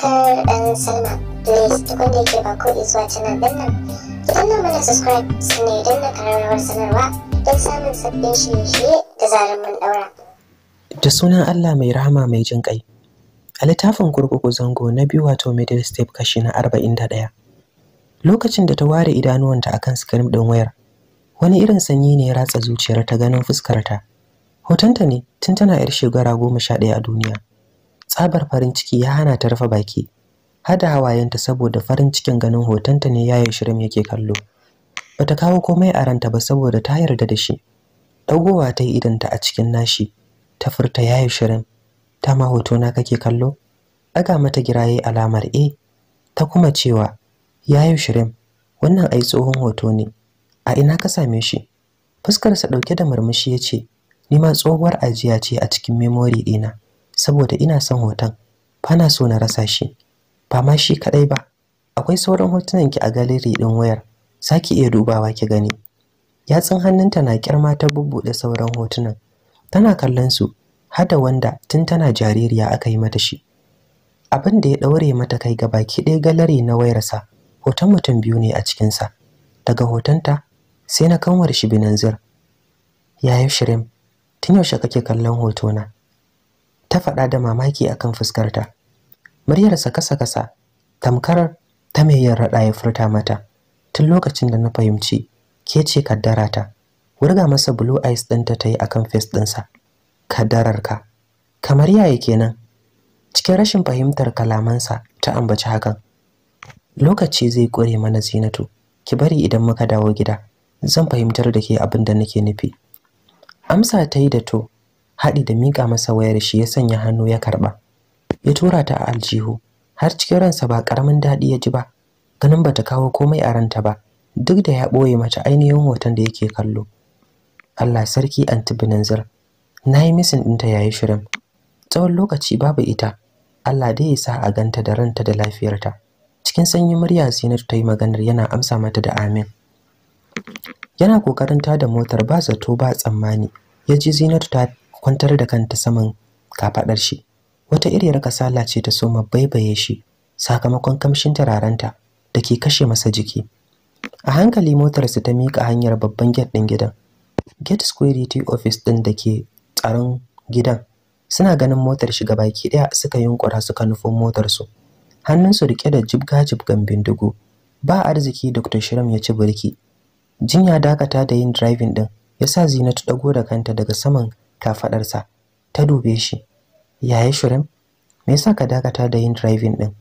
subscribe and sign up. Please tukun da yake ba ko zuwa canal din nan. Ki danna mana subscribe sannan idan na kararrawar sanarwa don samun sabbin shirye-shirye da zarar mun daura. Da sunan Allah mai rahama mai jin ƙai. A littafin kurkuku zango na biyu wato middle step kashi na arba'in da ɗaya. Lokacin da ta ware idanuwanta akan skrim ɗin wayar, wani irin sanyi ne ya ratsa zuciyar ta ganin fuskarta. Hotonta ne tun tana 'yar shekara goma sha ɗaya a duniya. tsabar farin ciki ya hana ta rufe baki hada hawayenta saboda farin cikin ganin hotonta ne yayi shirim yake kallo bata kawo komai a ranta ba saboda ta yarda da shi dagowa ta yi idanta a cikin nashi ta furta yayi shirim ta ma hotona kake kallo Daga mata giraye alamar e ta kuma cewa yayi shirim wannan ai tsohon hoto ne a ina ka same shi fuskarsa ɗauke da murmushi ya ce ni ma tsohuwar ajiya ce a cikin memory ɗina saboda ina son hoton bana so na rasa shi ba ma shi kadai ba akwai sauran hotunan ki a galeri din wayar saki iya dubawa ki gani yatsun hannunta na kirma ta bubbude sauran hotunan tana kallon su hada wanda tun tana jaririya aka yi mata shi abin da ya daure mata kai ga baki ɗaya galeri na wayarsa hoton mutum biyu ne a cikin sa daga hotonta sai na kanwar shi binanzir yayin shirin tun yaushe kake kallon hotona ta faɗa da mamaki akan fuskarta muryarsa kasa-kasa tamkar ta mai yin raɗa ya furta mata tun lokacin da na fahimci ke ce kaddarata wurga masa blue eyes ɗinta ta yi akan face ɗinsa ka. kamar yaya kenan cikin rashin fahimtar kalamansa ta ambaci hakan lokaci zai ƙure mana zinatu ki bari idan muka dawo gida zan fahimtar da ke abin da nake nufi amsa ta yi da to haɗi da miƙa masa wayar shi ya sanya hannu ya karɓa ya tura ta a aljihu har cikin ransa ba ƙaramin daɗi ya ji ba ganin bata kawo komai a ranta ba duk da ya ɓoye mata ainihin hoton da yake kallo Allah sarki anti binanzir na yi misin ɗinta yayi shirin tsawon lokaci babu ita Allah dai ya sa a ganta da ranta da lafiyarta cikin sanyin murya Zinatu ta yi maganar yana amsa mata da amin yana kokarin da motar ba zato ba tsammani ya ji Zinatu ta kwantar da kanta saman kafadar shi wata iriyar kasala ce ta soma baibaye shi sakamakon kamshin tararanta da ke kashe masa jiki a hankali su ta miƙa hanyar babban gate ɗin gidan gate security office ɗin da ke tsaron gidan suna ganin motar shi shiga baki ɗaya suka yunkura suka nufo motarsu su riƙe da jibga-jibgan bindigo ba arziki dr shiram ya ci birki jinya dakata da yin driving ɗin ya sa zinatu ɗago da kanta daga saman kafadarsa ta dube shi yaya shirin me yasa ka dakata da yin driving din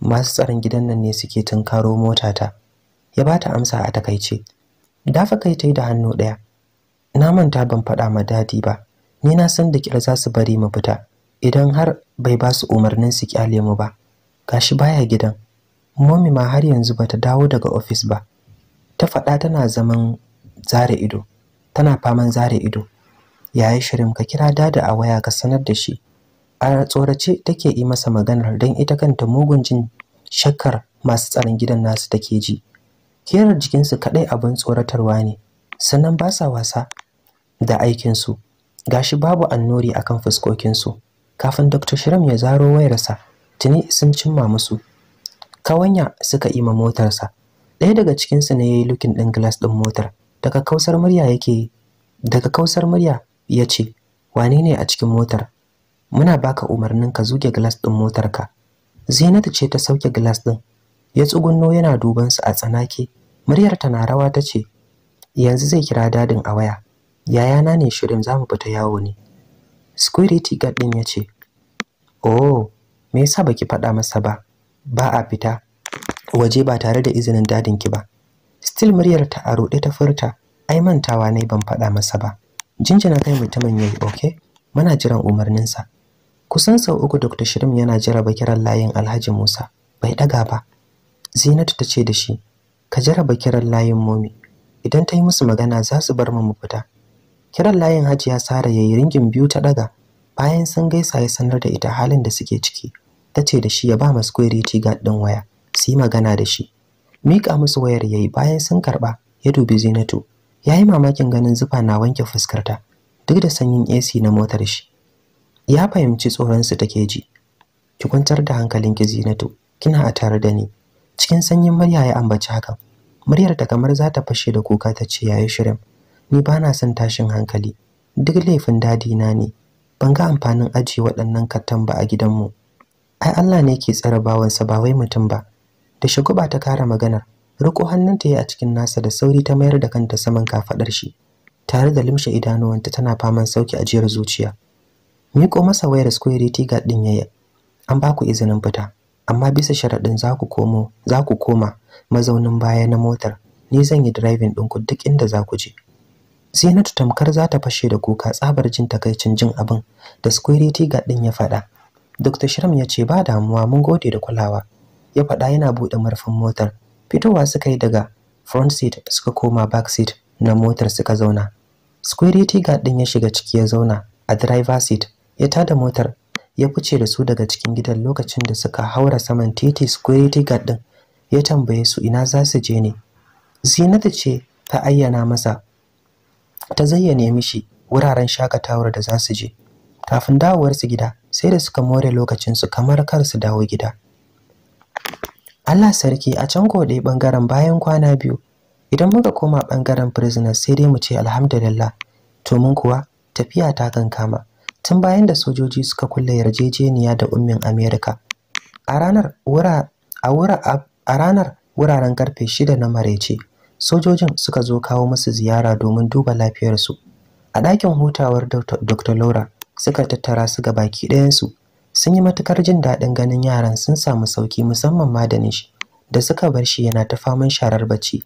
masu tsaron gidan nan ne suke tunkaro motata ya bata amsa a takaice dafa kai tai da hannu daya na manta ban faɗa ma dadi ba ni na san da kira zasu bari mu fita idan har bai ba su umarnin su kyale mu ba gashi baya gidan momi ma har yanzu bata dawo daga ofis ba ta faɗa tana zaman zare ido tana faman zare ido yayi shirin ka kira dada a waya ka sanar da shi a tsorace take yi masa maganar don ita kanta mugun jin shakkar masu tsaron gidan nasu take ji kerar jikinsu kaɗai abin tsoratarwa ne sannan ba sa wasa da aikin su gashi babu annori akan fuskokin su kafin dr shiram ya zaro wayarsa tuni sun cimma musu kawanya suka ima motarsa ɗaya daga cikinsu ne ya yi lukin ɗin gilas ɗin motar daga kausar murya yake daga kausar murya ya ce wane ne a cikin motar muna baka umarnin ka zuge glass ɗin motarka zinatu ce ta sauke glass ɗin ya tsugunno yana duban su a tsanake muryar ta na rawa ta ce yanzu zai kira dadin a waya yayana ne shirin zamu fita yawo ne security guard ɗin ya ce oh me yasa baki faɗa masa ba ba a fita waje ba tare da izinin dadin ki ba still muryar ta a ta furta ai mantawa ne ban faɗa masa ba jinjina kai mutumin yayi oke muna jiran umarninsa kusan sau uku dr shirim yana jaraba kiran layin alhaji musa bai daga ba zinatu ta ce da shi ka jaraba kiran layin momi idan ta yi musu magana za su bar mu fita kiran layin Haji hajiya sara yayi ringin biyu ta daga bayan sun gaisa ya sanar da ita halin da suke ciki ta ce da shi ya ba ma security guard ɗin waya su yi magana da shi mika musu wayar yayi bayan sun karɓa, ya dubi zinatu ya yi mamakin ganin zufa na wanke fuskarta duk da sanyin AC na motar shi. Ya fahimci tsoronsu take ji. Ki kwantar da hankalin hankalinki Zinatu, kina a tare da ni. Cikin sanyin murya ya ambaci haka Muryar ta kamar za ta fashe da kuka ta ce yayi shirin. Ni ba na son tashin hankali. Duk laifin dadi na ne. Ban ga amfanin aji waɗannan kattan ba a gidanmu. Ai Allah ne ke tsare bawansa ba wai mutum ba. Da ba ta kara maganar. riko hannunta ya a cikin nasa da sauri ta mayar da kanta saman kafadar shi tare da limshe idanuwanta tana faman sauki ajiyar zuciya miko masa wayar security guard din yayi an ba ku izinin fita amma bisa sharaɗin za ku komo za ku koma mazaunin baya na motar ni zan yi driving ku duk inda za ku je na tamkar za ta fashe da kuka tsabar jin takaicin jin abin da security guard din ya faɗa Dr. Shram ya ce ba damuwa mun gode da kulawa ya faɗa yana buɗe murfin motar fitowa suka yi daga front seat suka koma back seat na motar suka zauna security guard din ya shiga ciki ya zauna a driver seat ya tada motar ya fice da su daga cikin gidan lokacin da suka haura saman titi security guard din ya tambaye su ina za su je ne zinata ce ta ayyana masa ta zayyane mishi wuraren shakatawar da za su je kafin dawowarsu gida sai da suka more lokacinsu kamar kar su dawo gida Allah sarki a can koɗe ɓangaren bayan kwana biyu idan muka koma ɓangaren prisoners sai dai mu ce alhamdulillah to mun kuwa tafiya ta kankama tun bayan da sojoji suka kulle yarjejeniya da ummin Amerika a ranar wura a wura a ranar wuraren karfe shida na maraice sojojin suka zo kawo musu ziyara domin duba lafiyarsu a ɗakin hutawar Dr. Laura suka tattara su ga baki ɗayansu sun yi matukar jin daɗin ganin yaran sun samu sauki musamman ma da nishi da suka bar shi yana ta faman sharar bacci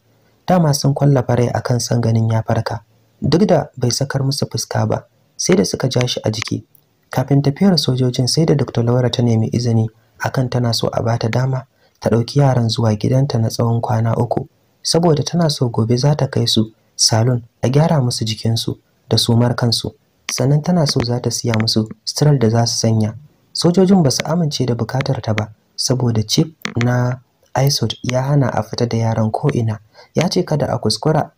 dama sun kwallafa rai akan san ganin ya farka duk da bai sakar musu fuska ba sai da suka ja shi a jiki kafin tafiyar sojojin sai da Dr. Laura ta nemi izini akan tana so a bata dama ta ɗauki yaran zuwa gidanta na tsawon kwana uku saboda tana so gobe za ta kai su salon a gyara musu jikinsu da sumar kansu sannan tana so za ta siya musu sitiral da za su sanya sojojin ba su amince da bukatar ta ba saboda chief na isot ya hana a fita da yaran ko'ina ya ce kada a kuskura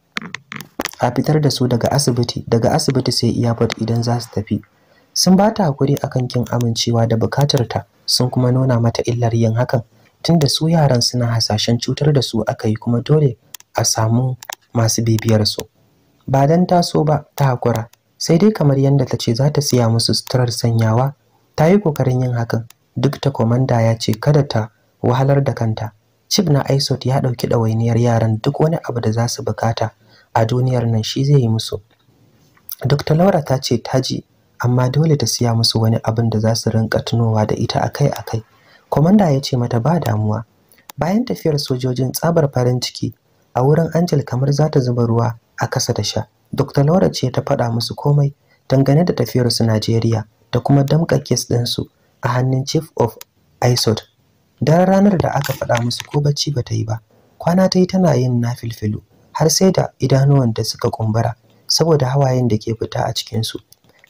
a fitar da su daga asibiti daga asibiti sai airport idan za su tafi sun ba ta hakuri akan kin amincewa da bukatar ta sun kuma nuna mata illar yin hakan tunda su yaran suna hasashen cutar da su aka yi kuma dole a samu masu bibiyar su ba dan taso ba ta hakura sai dai kamar yadda ta ce za ta siya musu suturar sanyawa ta yi kokarin yin hakan duk ta komanda ya ce kada ta wahalar da kanta Cif na Aisot ya ɗauki ɗawainiyar yaran duk wani abu da za su bukata a duniyar nan shi zai yi musu. Dr. Laura ta ce ta ji, amma dole ta siya musu wani abin da za su rinka tunowa da ita akai-akai. Komanda ya ce mata ba damuwa. Bayan tafiyar sojojin tsabar farin ciki, a wurin Angel kamar za ta zuba ruwa a kasa da sha. Dr. Laura ce ta faɗa musu komai dangane da tafiyarsu Najeriya. da kuma damka kes ɗinsu a hannun chief of isod daren ranar da aka faɗa musu ko bacci ba ta yi ba kwana ta yi tana yin na nafilfilu har sai da idanuwan da suka kumbura saboda hawayen da ke fita a cikinsu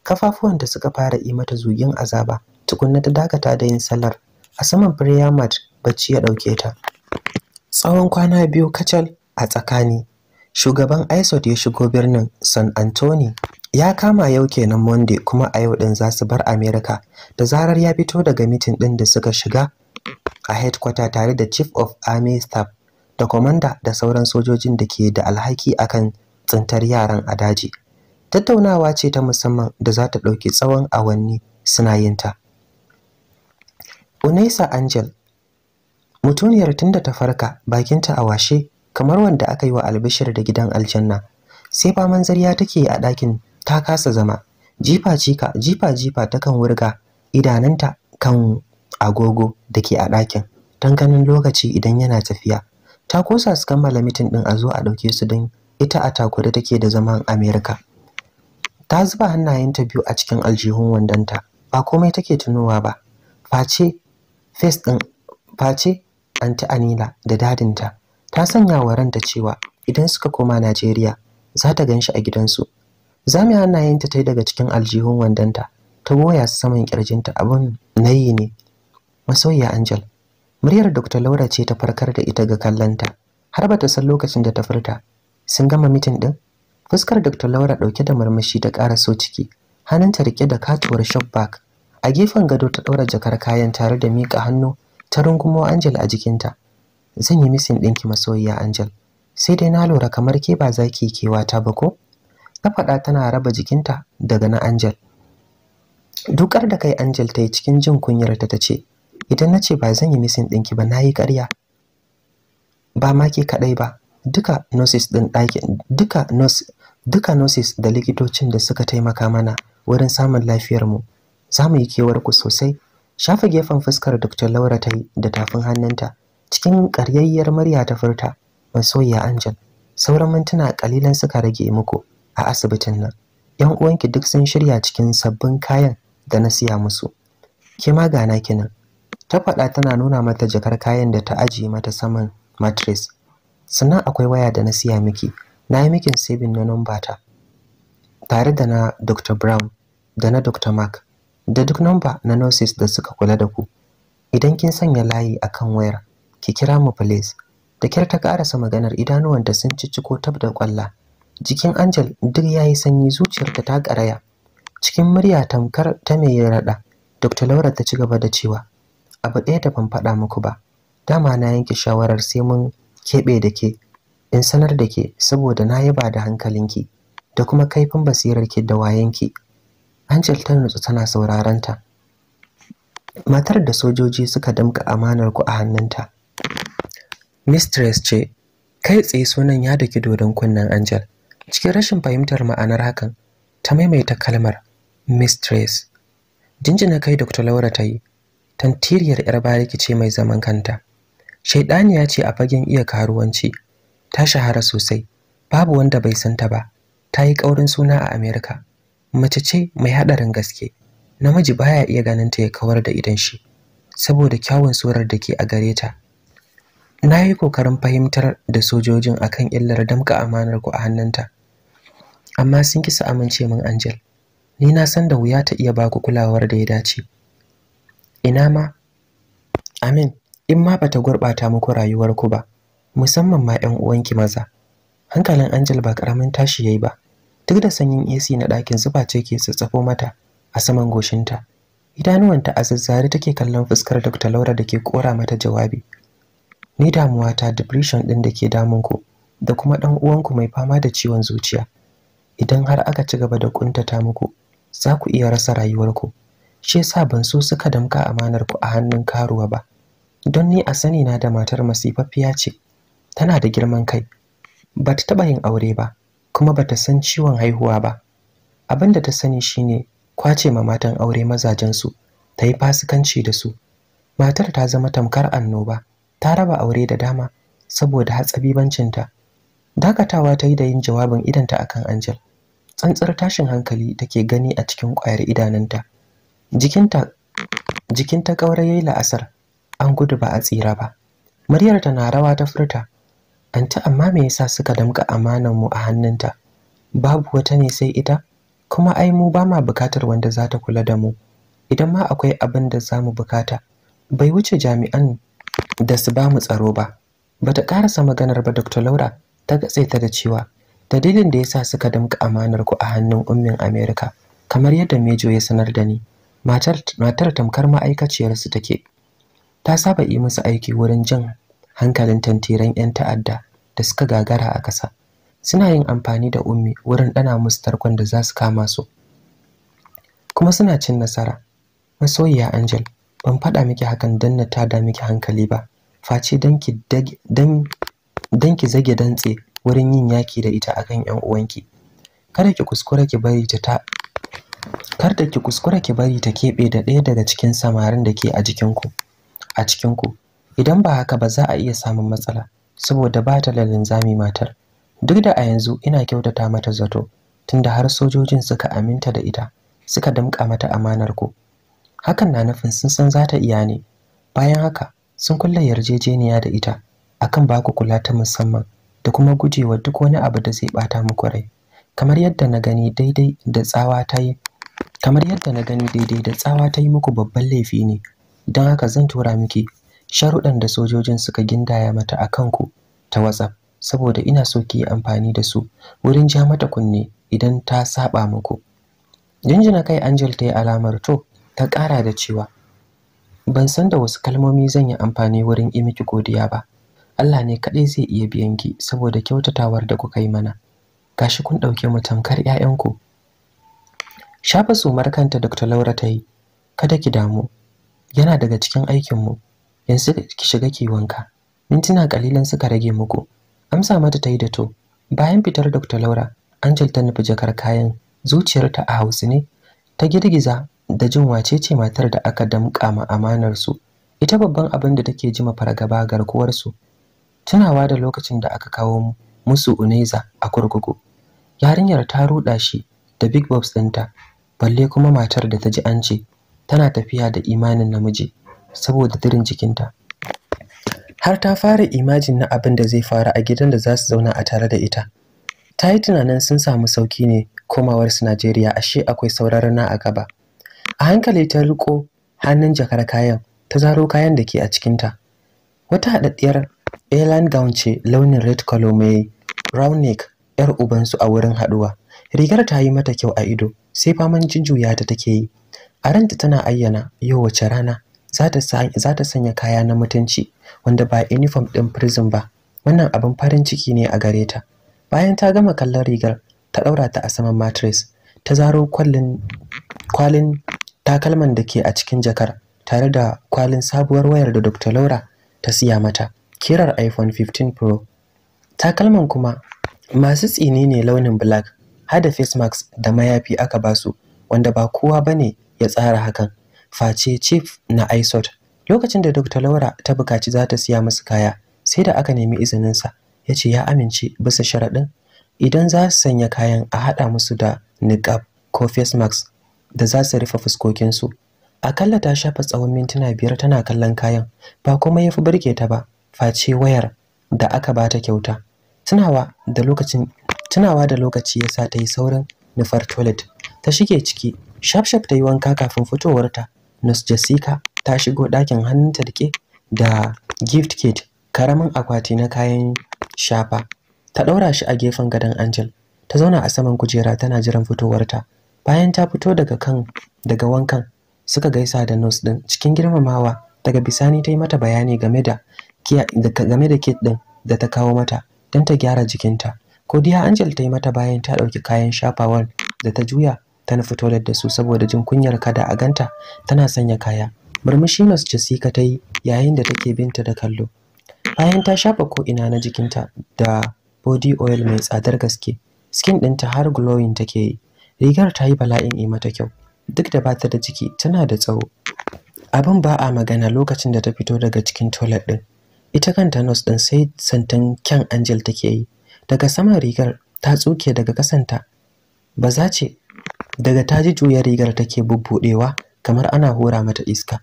kafafuwan da suka fara yi mata zugin azaba tukunna ta dakata da yin sallar a saman prayer mat bacci ya ɗauke ta tsawon kwana biyu kacal a tsakani shugaban isod ya shigo birnin san antonio ya kama yau kenan monday kuma a yau din za su bar america da zarar ya fito daga mitin din da suka shiga a headquarter tare da chief of army staff da commander da sauran sojojin da ke da alhaki akan tsintar yaran a daji tattaunawa ce ta musamman da za ta ɗauki tsawon awanni suna yin ta. Unesa angel mutuniyar tunda ta farka bakinta a washe kamar wanda aka yi wa albishir da gidan aljanna sai faman zariya take a ɗakin ta kasa zama jifa cika jifa jifa ta kan wurga idananta kan agogo da ke a ɗakin don ganin lokaci idan yana tafiya ta kosa su kammala mitin ɗin a zo a ɗauke su don ita a takure take da zaman amerika ta zuba hannayenta biyu a cikin aljihun wandonta ba komai take tunowa ba face face ɗin face anti anila da dadinta ta sanya wa ranta cewa idan suka koma najeriya za ta gan shi a gidansu zami hannayenta ta yi daga cikin aljihun wandonta ta goya su saman kirjinta abin nayi ne masoyiya angel muryar dr laura ce ta farkar da ita ga kallanta har ba ta san lokacin da ta furta sun gama mitin ɗin? fuskar dr laura ɗauke da murmushi da ƙara so ciki hannunta rike da katuwar shop bag a gefen gado ta ɗora jakar kayan tare da miƙa hannu ta rungumo Angel a jikinta. Zan yi misin ɗinki masoyiya Angel, sai dai na lura kamar ke ba za ki kewa ta ba ko? ta faɗa tana raba jikinta daga na Angel. Dukar da kai Angel ta yi cikin jin kunyarta ta ce, Idan na ce ba zan yi misin ɗinki ba na yi ƙarya. Ba ma ke kaɗai ba, duka nurses ɗin ɗakin, duka da likitocin da suka taimaka mana wurin samun lafiyarmu, za mu yi kewar ku sosai. Shafa gefen fuskar Dr. Laura ta yi da tafin hannunta, cikin ƙaryayyar murya ta furta, masoyiya Angel, sauran mintuna ƙalilan suka rage muku. a asibitin nan yan uwanki duk sun shirya cikin sabbin kayan da na siya musu ke magana ki kinan ta faɗa tana nuna mata jakar kayan da ta ajiye mata saman mattress sannan akwai waya da na siya miki na yi mikin sabin na numbata tare da na dr brown da na dr mark da duk numba na nurses da suka kula da ku idan kin sanya layi akan wayar ki kira mu please da kyar ta karasa maganar idanuwanta sun cicciko tab da kwalla Jikin Angel duk ya yi sanyi zuciyarta ta karaya. Cikin murya tamkar ta mai raɗa, Dr. Laura ta ci gaba da cewa, Abu ɗaya da ban faɗa muku ba, dama na yanke shawarar sai mun keɓe da ke, in sanar da ke saboda na yaba da hankalinki da kuma kaifin basirar basirarki da wayanki. Angel ta nutsu tana sauraron ta. Matar da sojoji suka damka amanar ku a hannunta. Mistress ce, kai tsaye sunan ya daki dodon kunnen Angel. cikin rashin fahimtar ma'anar hakan ta maimaita kalmar mistress jinjina kai dr laura ta yi tantiriyar yar bariki ce mai zaman kanta shaidaniya ce a fagen iya karuwanci ta shahara sosai babu wanda bai san ta ba ta yi ƙaurin suna a amerika mace ce mai haɗarin gaske namiji baya iya ganin ta ya kawar da idan shi saboda kyawun surar da ke a gare ta na yi kokarin fahimtar da sojojin akan illar damka amanar ku a hannunta amma sun kisa amince min Angel. Ni na san da wuya ta iya baku kulawar da ya dace. Ina ma Amin, in ma bata gurɓata muku rayuwar ku ba, musamman ma 'yan uwanki maza. Hankalin Angel ba karamin tashi yayi ba. Duk da sanyin AC na ɗakin zuba ce ke tsatsafo mata a saman goshinta. Idanuwanta a zazzare take kallon fuskar Dr. Laura da ke kora mata jawabi. Ni damuwa ta depression ɗin da ke damun ku da kuma ɗan uwanku mai fama da ciwon zuciya. idan har aka ci gaba da kuntata muku za ku iya rasa rayuwarku shi yasa ban so suka damka amanar ku a hannun karuwa ba don ni a sani na da matar masifaffiya ce tana da girman kai ba ta taɓa yin aure ba kuma ba ta san ciwon haihuwa ba abin da ta sani shine kwace ma matan aure mazajen su, ta yi fasikanci da su matar ta zama tamkar annoba ta raba aure da dama saboda hatsabibancinta dakatawa ta yi da yin jawabin idanta akan Angel tsantsar tashin hankali take gani a cikin ƙwayar idanunta jikinta jikinta kaurayayi la'asar an gudu ba a tsira ba muryar ta na rawa ta furta anta amma me yasa suka damka amanan mu a hannunta babu wata ne sai ita kuma ai mu ba ma bukatar wanda za ta kula da mu idan ma akwai abin da za mu bukata bai wuce jami'an da su ba mu tsaro ba bata karasa maganar ba dr laura ta gatsaita ta da cewa dalilin da ya sa suka damka amanar ku a hannun ummin America kamar yadda Mejo ya sanar da ni matar matar tamkar ma'aikaciyar su take ta saba yi musu aiki wurin jin hankalin tantiran 'yan ta'adda da suka gagara a ƙasa suna yin amfani da ummi wurin ɗana musu tarkon da za su kama su kuma suna cin nasara masoyiya Angel ban faɗa miki hakan don na tada miki hankali ba face dan ki zage dantse wurin yin yaki da ita akan ƴan uwanki kada ki kuskura ki bari ta ki kuskura ki bari ta keɓe da ɗaya daga cikin samarin da ke a ku a cikinku idan ba haka ba za a iya samun matsala saboda ba ta da linzami matar duk da a yanzu ina kyautata mata zato tunda har sojojin suka aminta da ita suka damƙa mata amanar ku hakan na nufin sun san za ta iya ne bayan haka sun kulle yarjejeniya da ita akan baku kula ta musamman da kuma gujewa duk wani abu da zai bata muku rai kamar yadda na gani daidai da tsawa ta yi kamar yadda na gani daidai da tsawa ta yi muku babban laifi ne don haka zan tura miki sharuɗan da sojojin suka gindaya mata a kanku ta WhatsApp saboda ina so ki yi amfani da su wurin ja mata kunne idan ta saba muku jinjina kai Angel ta yi alamar to ta ƙara da cewa ban san da wasu kalmomi zan yi amfani wurin yi miki godiya ba Allah ne kaɗai zai iya biyan ki saboda kyautatawar da kuka yi mana gashi kun ɗauke mu tamkar 'ya'yanku shafa sumar kanta Dr. Laura ta yi kada ki damu yana daga cikin aikinmu yanzu ki shiga ki wanka mintuna ƙalilan suka rage muku amsa mata ta yi da to bayan fitar Dr. Laura Angel ta nufi jakar kayan zuciyarta a hausu ne ta girgiza da jin wacece matar da aka damƙa ma amanar ita babban abin da take jima fargaba garkuwarsu. tunawa da lokacin da aka kawo musu Uneza a kurkuku. Yarinyar ta ruɗa shi da Big Bobs ɗinta, balle kuma matar da ta ji an ce tana tafiya da imanin namiji saboda dirin jikinta. Har ta fara imajin na abin da zai fara a gidan da za su zauna a tare da ita. Ta yi tunanin sun samu sauki ne su Najeriya ashe akwai sauraron na a gaba. A hankali ta riko hannun jakar kayan ta zaro kayan da ke a cikinta. Wata haɗaɗɗiyar airline gown ce launin red color mai round neck yar ubansu a wurin haduwa rigar ta yi mata kyau a ido sai faman jinjuya ta take yi a ranta tana ayyana yau wace rana za ta sanya kaya na mutunci wanda ba uniform din prison ba wannan abin farin ciki ne a gare ta bayan ta gama kallon rigar ta daura ta a saman mattress ta zaro kwalin kwalin takalman da ke a cikin jakar tare da kwalin sabuwar wayar da Dr. Laura ta siya mata kirar iPhone 15 Pro. Takalman kuma masu tsini ne launin black, hada face mask da mayafi aka basu, wanda ba kowa bane ya tsara hakan. Face chief na ISOT. Lokacin da Dr. Laura ta bukaci za ta siya musu kaya, sai da aka nemi izininsa, ya ce ya amince bisa sharaɗin idan za su sanya kayan a haɗa musu da niqab ko face mask da za su rufe fuskokinsu. Akalla ta shafa tsawon mintuna biyar tana kallon kayan, ba kuma ya fi burge ta ba, face wayar da aka bata kyauta tunawa da lokacin tunawa da lokaci yasa ta yi saurin nufar toilet ta shige ciki shaf shaf ta yi wanka kafin fitowarta nurse jessica ta shigo ɗakin hannunta rike da gift kit karamin akwati na kayan shafa ta ɗaura shi a gefen gadon angel ta zauna a saman kujera tana jiran fitowarta bayan ta fito daga kan daga wankan suka gaisa da nus ɗin. cikin girmamawa daga bisani ta yi mata bayani game da game da kit din da ta kawo mata don ta gyara jikinta ko godiya angel ta yi mata bayan ta ɗauki kayan shafawar da ta juya tana fito da su saboda jin kunyar kada a ganta tana sanya kaya murmushi masu jessica ta yi yayin da take binta da kallo bayan ta shafa ko ina na jikinta da body oil mai tsadar gaske skin ɗinta har glowing take yi rigar ta yi bala'in yi mata kyau duk da bata da ciki tana da tsawo abin ba a magana lokacin da ta fito daga cikin toilet ɗin ita kanta nos ɗin sai santan kyan angel take yi daga saman rigar ta tsuke daga kasanta ba za ce daga ta ji juyar rigar take bubbudewa kamar ana hora mata iska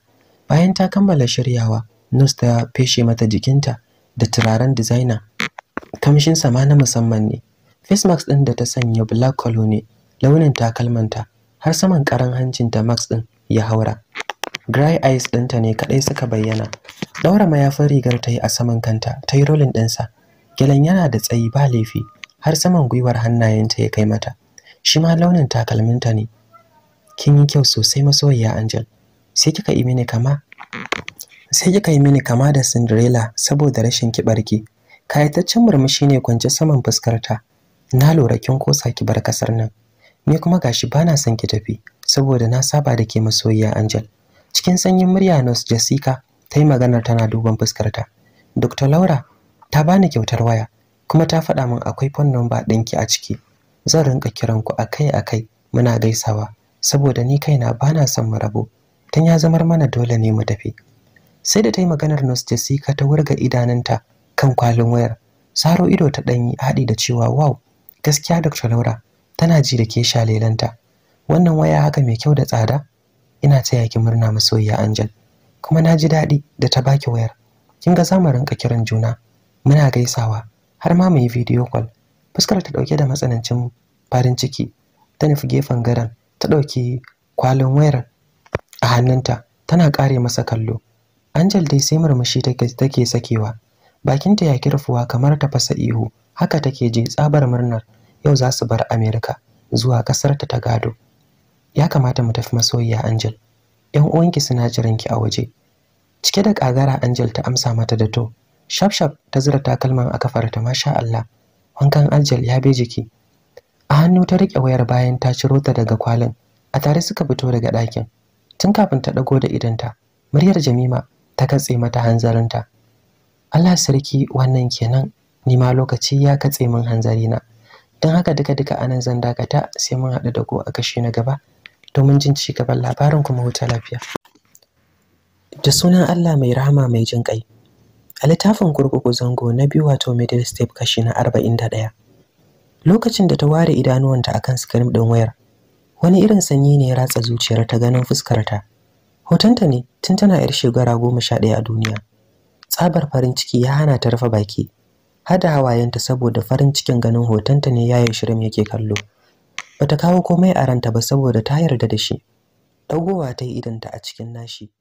bayan ta kammala shiryawa nos ta feshe mata jikinta da turaren designer kamshin sama na musamman ne face mask ɗin da ta sanya black color ne launin takalmanta har saman karan hancinta mask ɗin ya haura Gray eyes ɗinta ne kaɗai suka bayyana. Ɗaura mayafin rigar ta yi a saman kanta, ta yi rolin ɗinsa. Gyalen yana da tsayi ba laifi, har saman gwiwar hannayenta ya kai mata. Shi ma launin takalminta ne. Kin yi kyau sosai masoyiya Angel. Sai kika yi mini kama sai kika yi mini kama da Cinderella saboda rashin kibarki. Kayataccen murmushi ne kwance saman fuskarta. Na lura kin kosa ki bar kasar nan. Ni kuma gashi bana son ki tafi saboda na saba da ke masoyiya Angel. cikin sanyin murya Nos jessica ta yi maganar tana duban fuskarta dr laura ta bani kyautar waya kuma ta faɗa min akwai fannin ba ɗinki a ciki zan rinka kiranku akai-akai muna gaisawa saboda ni kaina bana son mu rabu tun ya zamar mana dole ne mu tafi sai da ta yi maganar nurse jessica ta wurga idanunta kan kwalin wayar saro ido ta ɗanyi haɗi da cewa wow gaskiya dr laura tana ji da ke shalelanta wannan waya haka mai kyau da tsada ina taya ki murna masoyiya Angel kuma na ji daɗi da ta baki wayar kin ga zamu rinka kiran juna muna gaisawa har ma yi video call fuskar ta dauke da matsanancin farin ciki ta nufi gefen garan ta dauki kwalin wayar a hannunta tana kare masa kallo Angel dai sai murmushi take take sakewa bakinta ya kirfuwa kamar ta fasa ihu haka take je tsabar murnar yau za su bar America zuwa kasar ta ta gado ya kamata mu tafi masoyiya Angel Yan uwanki suna jiran ki a waje cike da kagara Angel ta amsa mata da to shaf shaf ta zira takalman a ta masha Allah wankan Angel ya be jiki a hannu ta rike wayar bayan ta ciro ta daga kwalin a tare suka fito daga dakin. tun kafin ta ɗago da idanta muryar Jamima ta katse mata hanzarinta Allah sarki wannan kenan ni ma lokaci ya katse min hanzarina don haka duka duka anan zan dakata sai mun haɗu da ku a kashi na gaba domin jin ci gaban labarin kuma huta lafiya da sunan Allah mai rahama mai jin kai a littafin kurkuku zango na biyu wato middle step kashi na 41 lokacin da ta ware idanuwanta akan screen ɗin wayar wani irin sanyi ne ya ratsa zuciyar ta ganin fuskarta hotonta ne tun tana yar shekara goma sha ɗaya a duniya tsabar farin ciki ya hana ta rufe baki hada hawayenta saboda farin cikin ganin hotonta ne yayin shirin yake kallo bata kawo komai a ranta ba saboda ta yarda da shi dagowa ta yi idanta a cikin nashi